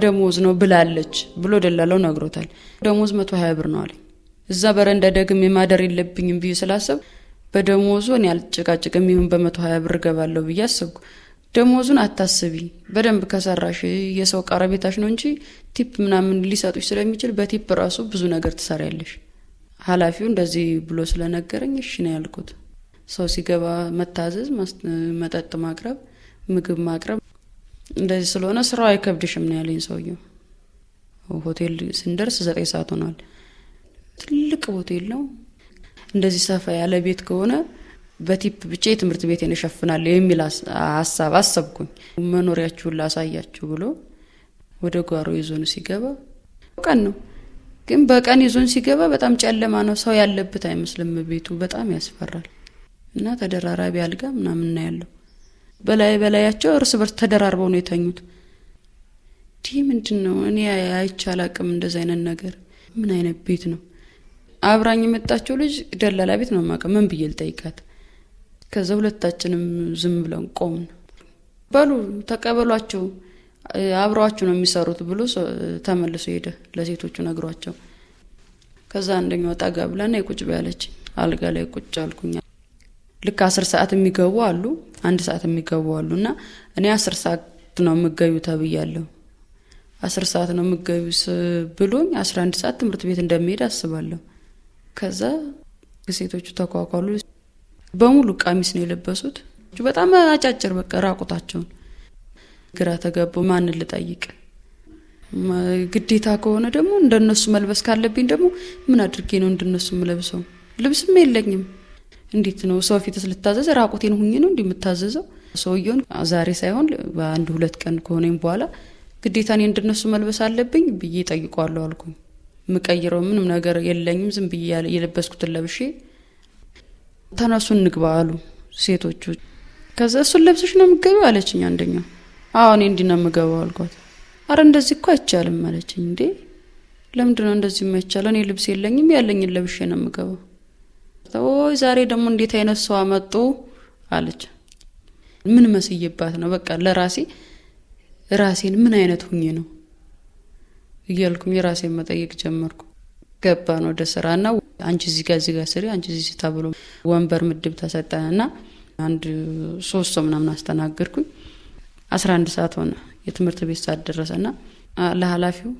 ከደሞዝ ነው ብላለች ብሎ ደላለው ነግሮታል። ደሞዝ መቶ ሀያ ብር ነው አለኝ። እዛ በረንዳ ደግም የማደር የለብኝም ብዬ ስላሰብ በደሞዙ እኔ አልጨቃጭቅም፣ ይሁን በመቶ ሀያ ብር እገባለሁ ብዬ አሰብኩ። ደሞዙን አታስቢ፣ በደንብ ከሰራሽ የሰው ቀረቤታሽ ነው እንጂ ቲፕ ምናምን ሊሰጡች ስለሚችል በቲፕ ራሱ ብዙ ነገር ትሰሪያለሽ። ኃላፊው እንደዚህ ብሎ ስለነገረኝ እሺ ነው ያልኩት። ሰው ሲገባ መታዘዝ፣ መጠጥ ማቅረብ፣ ምግብ ማቅረብ እንደዚህ ስለሆነ ስራው አይከብድሽም ነው ያለኝ ሰውየው። ሆቴል ስንደርስ ዘጠኝ ሰዓት ሆኗል። ትልቅ ሆቴል ነው። እንደዚህ ሰፋ ያለ ቤት ከሆነ በቲፕ ብቻ የትምህርት ቤቴን እሸፍናለሁ የሚል ሀሳብ አሰብኩኝ። መኖሪያችሁን ላሳያችሁ ብሎ ወደ ጓሮ ይዞን ሲገባ ቀን ነው ግን በቀን ይዞን ሲገባ በጣም ጨለማ ነው። ሰው ያለበት አይመስልም ቤቱ፣ በጣም ያስፈራል። እና ተደራራቢ አልጋ ምናምን ያለው በላይ በላያቸው እርስ በርስ ተደራርበው ነው የተኙት። ይህ ምንድን ነው? እኔ አይቼ አላቅም እንደዚ አይነት ነገር። ምን አይነት ቤት ነው? አብራኝ የመጣችው ልጅ ደላላ ቤት ነው የማውቀው። ምን ብዬ ልጠይቃት? ከዛ ሁለታችንም ዝም ብለን ቆምን። በሉ ተቀበሏቸው፣ አብረዋችሁ ነው የሚሰሩት ብሎ ተመልሶ ሄደ። ለሴቶቹ ነግሯቸው ከዛ አንደኛው ጠጋ ብላና የቁጭ በያለች አልጋ ላይ ቁጭ አልኩኛ። ልክ አስር ሰዓት የሚገቡ አሉ፣ አንድ ሰዓት የሚገቡ አሉ እና እኔ አስር ሰዓት ነው የምገቢ ተብያለሁ። አስር ሰዓት ነው የምገቢ ብሎኝ አስራ አንድ ሰዓት ትምህርት ቤት እንደሚሄድ አስባለሁ። ከዛ ሴቶቹ ተኳኳሉ። በሙሉ ቀሚስ ነው የለበሱት፣ በጣም አጫጭር፣ በቃ ራቁታቸውን። ግራ ተገቡ ማንን ልጠይቅ? ግዴታ ከሆነ ደግሞ እንደነሱ መልበስ ካለብኝ ደግሞ ምን አድርጌ ነው እንደነሱ ምለብሰው ልብስም የለኝም። እንዴት ነው ሰው ፊትስ ልታዘዝ? ራቁቴን ሁኝ ነው እንዲህ የምታዘዘው? ሰውየውን ዛሬ ሳይሆን በአንድ ሁለት ቀን ከሆነኝ በኋላ ግዴታ እኔ እንደነሱ መልበስ አለብኝ ብዬ ጠይቋለሁ አልኩኝ። የምቀይረው ምንም ነገር የለኝም። ዝም ብዬ የለበስኩትን ለብሼ ተነሱ እንግባ አሉ ሴቶቹ። ከዛ እሱን ለብሰሽ ነው የምገቢው አለችኝ አንደኛው። አዎ እኔ እንዲህ ነው የምገባው አልኳት። አረ እንደዚህ እኮ አይቻልም አለችኝ። እንዴ ለምንድነው እንደዚህ የማይቻለው? እኔ ልብስ የለኝም፣ ያለኝን ለብሼ ነው የምገባው ኦይ ዛሬ ደግሞ እንዴት አይነት ሰው አመጡ አለች። ምን መስይባት ነው በቃ ለራሴ ራሴን ምን አይነት ሁኝ ነው እያልኩም የራሴን መጠየቅ ጀመርኩ። ገባን ወደ ስራ ና አንቺ እዚህ ጋ እዚህ ስሪ፣ አንቺ እዚህ ስታ ብሎ ወንበር ምድብ ተሰጠን ና አንድ ሶስት ሰው ምናምን አስተናገድኩኝ። አስራ አንድ ሰዓት ሆነ የትምህርት ቤት ሰዓት ደረሰ እና ለኃላፊው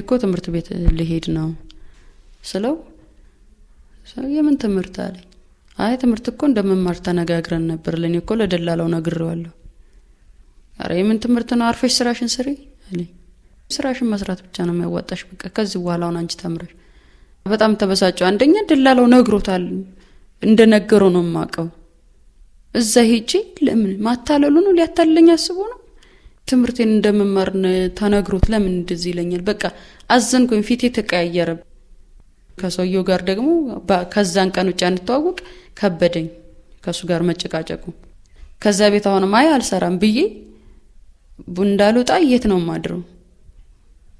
እኮ ትምህርት ቤት ልሄድ ነው ስለው የምን ትምህርት አለኝ። አይ ትምህርት እኮ እንደመማር ተነጋግረን ነበር። ለኔ እኮ ለደላላው ነግሬዋለሁ። አረ የምን ትምህርት ነው? አርፈሽ ስራሽን ስሪ አለኝ። ስራሽን መስራት ብቻ ነው የሚያዋጣሽ። በቃ ከዚህ በኋላ አሁን አንቺ ተምረሽ። በጣም ተበሳጨው። አንደኛ ደላላው ነግሮታል፣ እንደ ነው የማውቀው። እዛ ሄጪ ለምን ማታለሉ ነው? ሊያታለኝ አስቦ ነው ትምህርቴን እንደመማር ተነግሮት ለምን እንደዚህ ይለኛል? በቃ አዘንኩኝ። ፊቴ ተቀያየረ። ከሰውየው ጋር ደግሞ ከዛን ቀን ውጭ እንተዋወቅ ከበደኝ፣ ከእሱ ጋር መጨቃጨቁ። ከዛ ቤት አሁን አይ አልሰራም ብዬ እንዳልወጣ የት ነው ማድረው?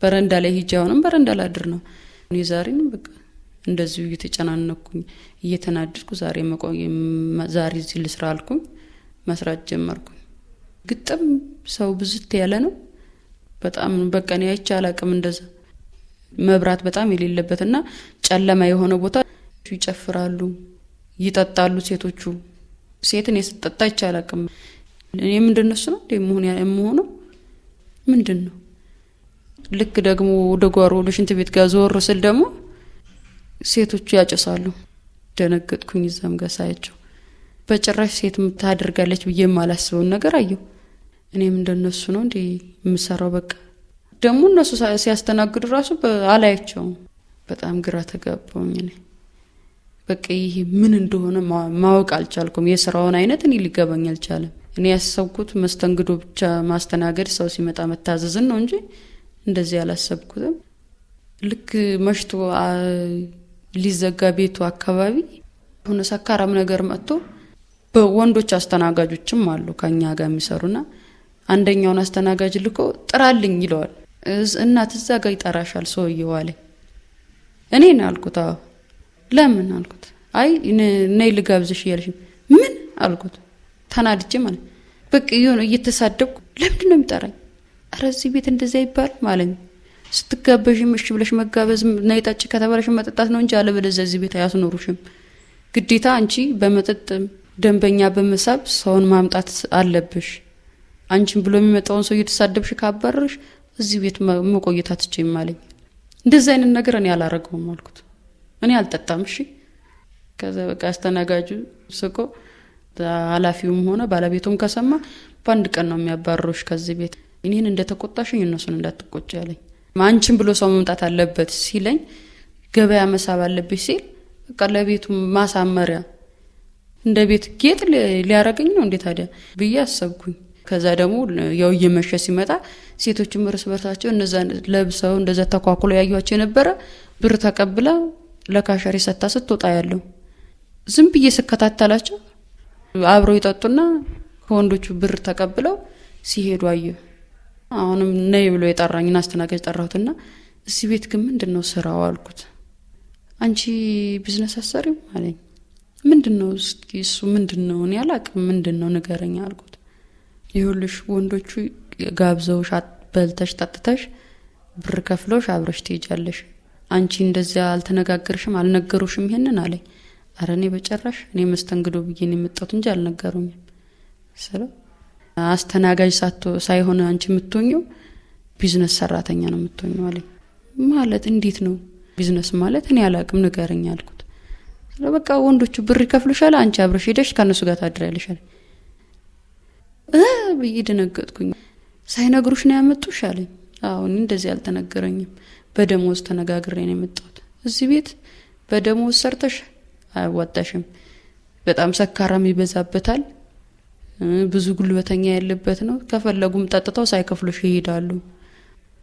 በረንዳ ላይ ሂጅ፣ አሁንም በረንዳ ላድር ነው እኔ ዛሬን በቃ እንደዚሁ እየተጨናነኩኝ እየተናደድኩ ዛሬ ዛሬ እዚህ ልስራ አልኩኝ። መስራት ጀመርኩኝ። ግጥም ሰው ብዝት ያለ ነው በጣም በቃ እኔ አይቼ አላቅም እንደዛ መብራት በጣም የሌለበት እና ጨለማ የሆነ ቦታ ይጨፍራሉ፣ ይጠጣሉ። ሴቶቹ ሴትን የስጠጣ ይቻላቅም እኔ ምንድን ነው እሱ ነው የምሆነው ምንድን ነው? ልክ ደግሞ ወደ ጓሮ ወደ ሽንት ቤት ጋር ዞር ስል ደግሞ ሴቶቹ ያጨሳሉ። ደነገጥኩኝ። እዛም ጋር ሳያቸው በጭራሽ ሴት ምታደርጋለች ብዬ የማላስበውን ነገር አየሁ። እኔም እንደነሱ ነው እንዲ የምሰራው። በቃ ደግሞ እነሱ ሲያስተናግዱ ራሱ አላያቸውም። በጣም ግራ ተጋባውኝ ነ በቃ ይሄ ምን እንደሆነ ማወቅ አልቻልኩም። የስራውን አይነት እኔ ሊገባኝ አልቻለም። እኔ ያሰብኩት መስተንግዶ ብቻ ማስተናገድ፣ ሰው ሲመጣ መታዘዝን ነው እንጂ እንደዚህ አላሰብኩትም። ልክ መሽቶ ሊዘጋ ቤቱ አካባቢ ሆነ ሰካራም ነገር መጥቶ በወንዶች አስተናጋጆችም አሉ ከኛ ጋር የሚሰሩና አንደኛውን አስተናጋጅ ልኮ ጥራልኝ ይለዋል። እናት እዛ ጋር ይጠራሻል ሰውየው አለኝ። እኔ ነው አልኩት። አዎ ለምን አልኩት። አይ እኔ ልጋብዝሽ እያልሽ ምን አልኩት። ተናድጄ ማለት በቃ የሆነ እየተሳደብኩ ለምንድን ነው የሚጠራኝ? ኧረ እዚህ ቤት እንደዚያ ይባል ማለኝ። ስትጋበዥም እሺ ብለሽ መጋበዝ ነይ ጠጪ ከተባለሽ መጠጣት ነው እንጂ አለበለዚያ እዚህ ቤት አያስኖሩሽም። ግዴታ አንቺ በመጠጥ ደንበኛ በመሳብ ሰውን ማምጣት አለብሽ። አንቺን ብሎ የሚመጣውን ሰው እየተሳደብሽ ካባረርሽ እዚህ ቤት መቆየት አትችይም አለኝ። እንደዚህ አይነት ነገር እኔ አላረገውም አልኩት። እኔ አልጠጣም እሺ። ከዛ በቃ አስተናጋጁ ስቆ ኃላፊውም ሆነ ባለቤቱም ከሰማ በአንድ ቀን ነው የሚያባርሮሽ ከዚህ ቤት እኔን እንደተቆጣሽኝ እነሱን እንዳትቆጭ ያለኝ። አንቺን ብሎ ሰው መምጣት አለበት ሲለኝ ገበያ መሳብ አለብሽ ሲል በቃ ለቤቱ ማሳመሪያ እንደ ቤት ጌጥ ሊያረገኝ ነው እንዴ ታዲያ ብዬ አሰብኩኝ። ከዛ ደግሞ ያው እየመሸ ሲመጣ ሴቶችም እርስ በርሳቸው እነዛ ለብሰው እንደዛ ተኳኩለው ያዩቸው የነበረ ብር ተቀብላ ለካሸሪ ሰታ ስትወጣ ያለው ዝም ብዬ ስከታተላቸው አብረው ይጠጡና ከወንዶቹ ብር ተቀብለው ሲሄዱ አየ። አሁንም ነይ ብሎ የጠራኝን አስተናጋጅ ጠራሁትና እዚህ ቤት ግን ምንድን ነው ስራው አልኩት። አንቺ ቢዝነስ አሰሪም አለኝ። ምንድን ነው እስኪ እሱ ምንድን ነው እኔ አላቅም፣ ምንድን ነው ንገረኝ አልኩት። ይሁልሽ ወንዶቹ ጋብዘውሽ በልተሽ ጠጥተሽ ብር ከፍለውሽ አብረሽ ትሄጃለሽ። አንቺ እንደዚያ አልተነጋገርሽም አልነገሩሽም ይሄንን አለኝ። አረ እኔ በጨራሽ እኔ መስተንግዶ ብዬን ነው የመጣሁት እንጂ አልነገሩኝም ስለው አስተናጋጅ ሳቶ ሳይሆን አንቺ የምትሆኘው ቢዝነስ ሰራተኛ ነው የምትሆኘው አለኝ። ማለት እንዴት ነው ቢዝነስ ማለት? እኔ አላቅም ንገረኝ አልኩት። በቃ ወንዶቹ ብር ይከፍሉሻል፣ አንቺ አብረሽ ሄደሽ ከእነሱ ጋር ታድሪያለሽ አለኝ። ብዬ ደነገጥኩኝ። ሳይነግሩሽ ነው ያመጡሽ አለኝ። አሁን እንደዚህ አልተነገረኝም። በደሞዝ ተነጋግሬ ነው የመጣሁት። እዚህ ቤት በደሞዝ ሰርተሽ አያዋጣሽም። በጣም ሰካራም ይበዛበታል። ብዙ ጉልበተኛ ያለበት ነው። ከፈለጉም ጠጥተው ሳይከፍሉሽ ይሄዳሉ።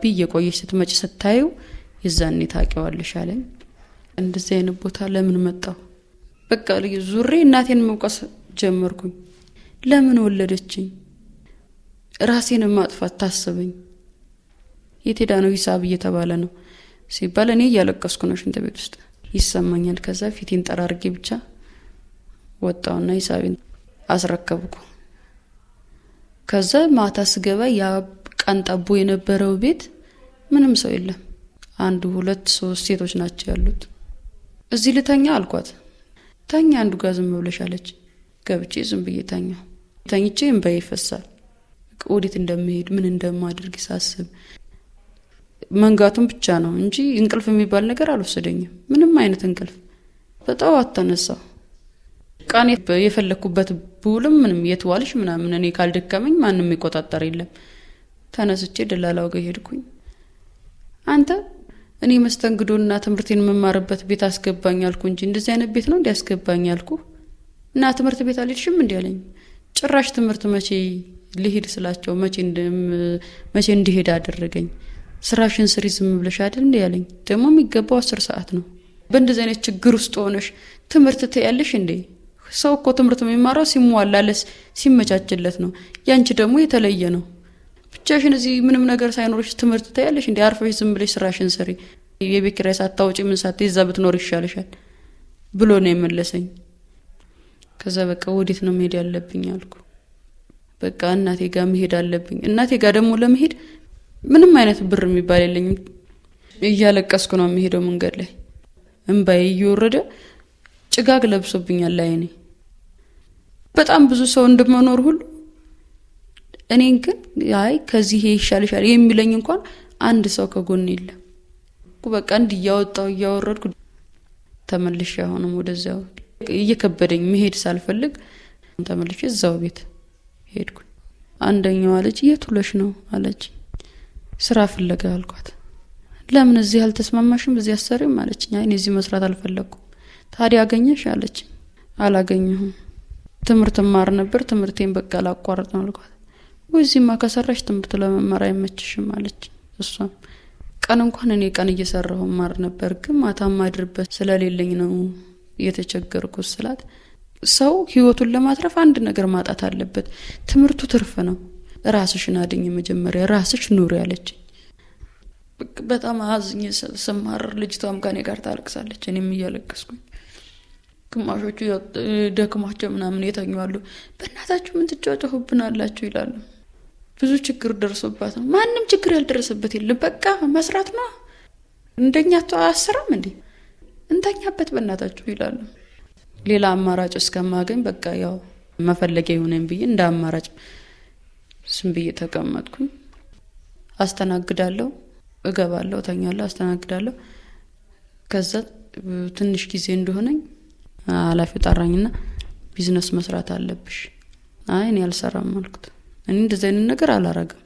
ብዬ ቆየሽ ስትመጭ ስታዩ የዛኔ ታውቂዋለሽ አለኝ። እንደዚህ አይነት ቦታ ለምን መጣሁ? በቃ ዙሬ እናቴን መውቀስ ጀመርኩኝ። ለምን ወለደችኝ? ራሴን ማጥፋት ታስበኝ የቴዳ ነው ሂሳብ እየተባለ ነው ሲባል እኔ እያለቀስኩ ነው ሽንት ቤት ውስጥ ይሰማኛል። ከዛ ፊቴን ጠራርጌ ብቻ ወጣውና ሂሳቤን አስረከብኩ። ከዛ ማታ ስገባ ያ ቀን ጠቦ የነበረው ቤት ምንም ሰው የለም። አንዱ ሁለት ሶስት ሴቶች ናቸው ያሉት። እዚህ ልተኛ አልኳት። ተኛ አንዱ ጋር ዝም ብለሻለች። ገብቼ ዝም ብዬ ተኛው። ተኝቼ እምባ ይፈሳል። ወዴት እንደምሄድ ምን እንደማደርግ ሳስብ መንጋቱን ብቻ ነው እንጂ እንቅልፍ የሚባል ነገር አልወሰደኝም። ምንም አይነት እንቅልፍ በጠዋት ተነሳው ቃኔ የፈለግኩበት ብውልም ምንም የትዋልሽ ምናምን እኔ ካልደከመኝ ማንም ይቆጣጠር የለም። ተነስቼ ደላላው ጋር ሄድኩኝ። አንተ እኔ መስተንግዶና ትምህርቴን የምማርበት ቤት አስገባኝ አልኩ እንጂ እንደዚህ አይነት ቤት ነው እንዲያስገባኝ አልኩ እና ትምህርት ቤት አልሄድሽም እንዲ አለኝ። ጭራሽ ትምህርት መቼ ልሄድ ስላቸው መቼ እንዲሄድ አደረገኝ። ስራሽን ስሪ ዝም ብለሽ አይደል እንዲ ያለኝ። ደግሞ የሚገባው አስር ሰዓት ነው። በእንደዚህ አይነት ችግር ውስጥ ሆነሽ ትምህርት ትያለሽ እንዴ? ሰው እኮ ትምህርት የሚማራው ሲሟላለስ ሲመቻችለት ነው። ያንቺ ደግሞ የተለየ ነው። ብቻሽን እዚህ ምንም ነገር ሳይኖርሽ ትምህርት ትያለሽ እንዴ? አርፈሽ ዝም ብለሽ ስራሽን ስሪ፣ የቤት ኪራይ ሳታውጪ ምን ሳት እዛ ብትኖር ይሻልሻል ብሎ ነው የመለሰኝ። ከዛ በቃ ወዴት ነው መሄድ ያለብኝ አልኩ። በቃ እናቴ ጋር መሄድ አለብኝ። እናቴ ጋር ደግሞ ለመሄድ ምንም አይነት ብር የሚባል የለኝም። እያለቀስኩ ነው የሚሄደው መንገድ ላይ እንባይ እየወረደ ጭጋግ ለብሶብኛል ላይ እኔ በጣም ብዙ ሰው እንደመኖር ሁሉ እኔን ግን አይ ከዚህ ይሻልሻል የሚለኝ እንኳን አንድ ሰው ከጎን የለም። በቃ እንድ እያወጣው እያወረድኩ ተመልሼ አሁንም ወደዚያ እየከበደኝ መሄድ ሳልፈልግ ተመልሼ እዛው ቤት ሄድኩ። አንደኛዋ ልጅ የት ውለሽ ነው አለች። ስራ ፍለጋ አልኳት። ለምን እዚህ አልተስማማሽም? እዚህ አሰሪም አለችኝ። አይ እዚህ መስራት አልፈለግኩም። ታዲያ አገኘሽ አለች። አላገኘሁም። ትምህርት ማር ነበር ትምህርቴን በቃ ላቋረጥ ነው አልኳት። ወይ እዚህማ ከሰራሽ ትምህርት ለመማር አይመችሽም አለች። እሷም ቀን እንኳን እኔ ቀን እየሰራሁ ማር ነበር፣ ግን ማታ ማድርበት ስለሌለኝ ነው እየተቸገርኩ ስላት ሰው ህይወቱን ለማትረፍ አንድ ነገር ማጣት አለበት። ትምህርቱ ትርፍ ነው። ራስሽን አድኝ፣ መጀመሪያ ራስሽ ኑሪ አለችኝ። በጣም አዝኜ ስማር ልጅቷም ከኔ ጋር ታለቅሳለች፣ እኔም እያለቀስኩኝ። ግማሾቹ ደክሟቸው ምናምን የተኙዋሉ። በእናታችሁ ምን አላችሁ ይላሉ። ብዙ ችግር ደርሶባት ነው። ማንም ችግር ያልደረሰበት የለም። በቃ መስራት ነው። እንደኛ አስራም እንዴ እንተኛበት በእናታችሁ ይላሉ። ሌላ አማራጭ እስከማገኝ በቃ ያው መፈለጊያ የሆነኝ ብዬ እንደ አማራጭ ስም ብዬ ተቀመጥኩኝ። አስተናግዳለሁ፣ እገባለሁ፣ ተኛለሁ፣ አስተናግዳለሁ። ከዛ ትንሽ ጊዜ እንደሆነኝ ኃላፊው ጠራኝና ቢዝነስ መስራት አለብሽ። አይ እኔ አልሰራም አልኩት። እኔ እንደዚህ አይነት ነገር አላረግም፣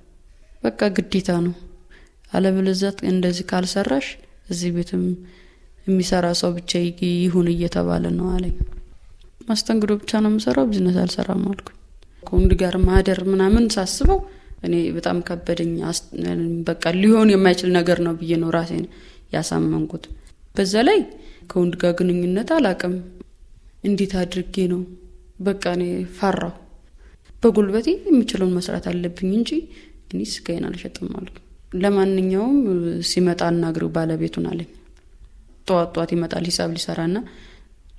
በቃ ግዴታ ነው። አለበለዚያ እንደዚህ ካልሰራሽ እዚህ ቤትም የሚሰራ ሰው ብቻ ይሁን እየተባለ ነው አለኝ። ማስተንግዶ ብቻ ነው የምሰራው፣ ቢዝነስ አልሰራም አልኩኝ። ከወንድ ጋር ማደር ምናምን ሳስበው እኔ በጣም ከበደኝ። በቃ ሊሆን የማይችል ነገር ነው ብዬ ነው ራሴን ያሳመንኩት። በዛ ላይ ከወንድ ጋር ግንኙነት አላቅም። እንዴት አድርጌ ነው በቃ እኔ ፈራሁ። በጉልበቴ የምችለውን መስራት አለብኝ እንጂ እኔ ስጋዬን አልሸጥም አልኩ። ለማንኛውም ሲመጣ አናግሪው ባለቤቱን አለኝ። ጠዋት ጠዋት ይመጣል ሂሳብ ና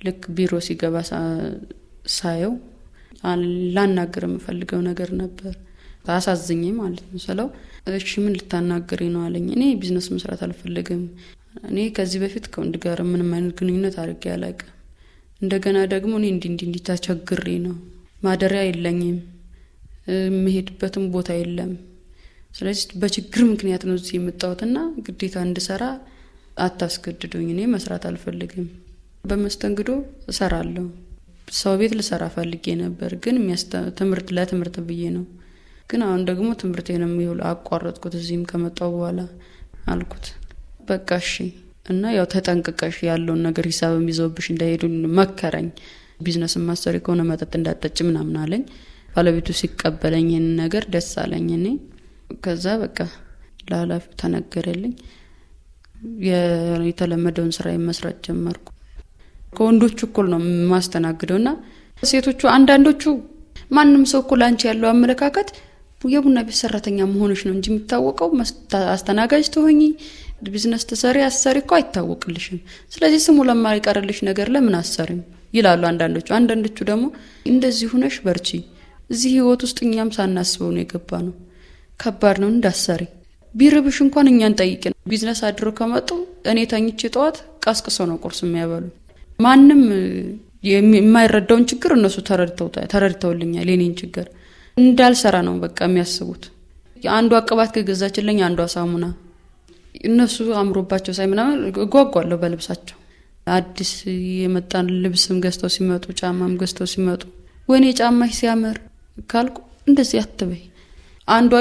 ልክ ቢሮ ሲገባ ሳየው ላናገር የምፈልገው ነገር ነበር። አሳዝኝ ማለት ነው ስለው፣ እሺ ምን ልታናገር ነው አለኝ። እኔ ቢዝነስ መስራት አልፈልግም። እኔ ከዚህ በፊት ከወንድ ጋር ምንም አይነት ግንኙነት አድርጌ አላውቅም። እንደገና ደግሞ እኔ እንዲ እንዲ ተቸግሬ ነው። ማደሪያ የለኝም፣ የምሄድበትም ቦታ የለም። ስለዚህ በችግር ምክንያት ነው እዚህ የመጣሁትና ግዴታ እንድሰራ አታስገድዱኝ፣ እኔ መስራት አልፈልግም። በመስተንግዶ እሰራለሁ። ሰው ቤት ልሰራ ፈልጌ ነበር፣ ግን ትምህርት ለትምህርት ብዬ ነው። ግን አሁን ደግሞ ትምህርቴንም ይሁል አቋረጥኩት። እዚህም ከመጣው በኋላ አልኩት በቃ እሺ። እና ያው ተጠንቅቀሽ ያለውን ነገር ሂሳብም ይዘውብሽ እንዳይሄዱን መከረኝ። ቢዝነስ ማሰሪ ከሆነ መጠጥ እንዳጠጭ ምናምን አለኝ። ባለቤቱ ሲቀበለኝ ይህን ነገር ደስ አለኝ። እኔ ከዛ በቃ ለኃላፊው ተነገረልኝ። የተለመደውን ስራ መስራት ጀመርኩ። ከወንዶቹ እኩል ነው የማስተናግደው እና ሴቶቹ አንዳንዶቹ ማንም ሰው እኩል አንቺ ያለው አመለካከት የቡና ቤት ሰራተኛ መሆንሽ ነው እንጂ የሚታወቀው አስተናጋጅ ትሆኚ ቢዝነስ ትሰሪ አሰሪ እኮ አይታወቅልሽም። ስለዚህ ስሙ ለማይቀርልሽ ነገር ለምን አሰሪም ይላሉ አንዳንዶቹ። አንዳንዶቹ ደግሞ እንደዚህ ሁነሽ በርቺ፣ እዚህ ህይወት ውስጥ እኛም ሳናስበው ነው የገባ ነው፣ ከባድ ነው እንዳሰሪ ቢርብሽ እንኳን እኛን ጠይቅን። ቢዝነስ አድሮ ከመጡ እኔ ተኝቼ ጠዋት ቀስቅሶ ነው ቁርስ የሚያበሉ። ማንም የማይረዳውን ችግር እነሱ ተረድተውልኛል። የኔን ችግር እንዳልሰራ ነው በቃ የሚያስቡት። አንዷ ቅባት ከገዛችልኝ አንዷ ሳሙና እነሱ አምሮባቸው ሳይ ምናምን እጓጓለሁ በልብሳቸው። አዲስ የመጣን ልብስም ገዝተው ሲመጡ ጫማም ገዝተው ሲመጡ ወይኔ ጫማሽ ሲያምር ካልኩ እንደዚህ አትበይ አንዷ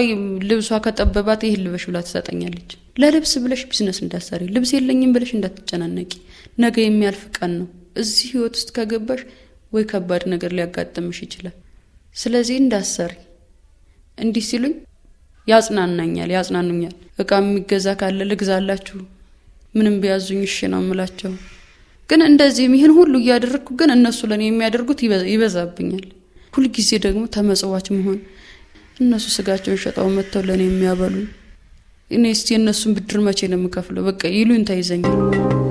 ልብሷ ከጠበባት ይህ ልበሽ ብላ ትሰጠኛለች። ለልብስ ብለሽ ቢዝነስ እንዳሰሪ ልብስ የለኝም ብለሽ እንዳትጨናነቂ፣ ነገ የሚያልፍ ቀን ነው። እዚህ ህይወት ውስጥ ከገባሽ ወይ ከባድ ነገር ሊያጋጥምሽ ይችላል። ስለዚህ እንዳሰሪ እንዲህ ሲሉኝ ያጽናናኛል፣ ያጽናኑኛል። እቃ የሚገዛ ካለ ልግዛላችሁ፣ ምንም ቢያዙኝ እሺ ነው የምላቸው። ግን እንደዚህም ይህን ሁሉ እያደረግኩ ግን እነሱ ለእኔ የሚያደርጉት ይበዛብኛል። ሁልጊዜ ደግሞ ተመጽዋች መሆን እነሱ ስጋቸውን ሸጠው መጥተው ለእኔ የሚያበሉኝ እኔ እስቲ የእነሱን ብድር መቼ ነው የምከፍለው? በቃ ይሉኝታ ይዘኛል።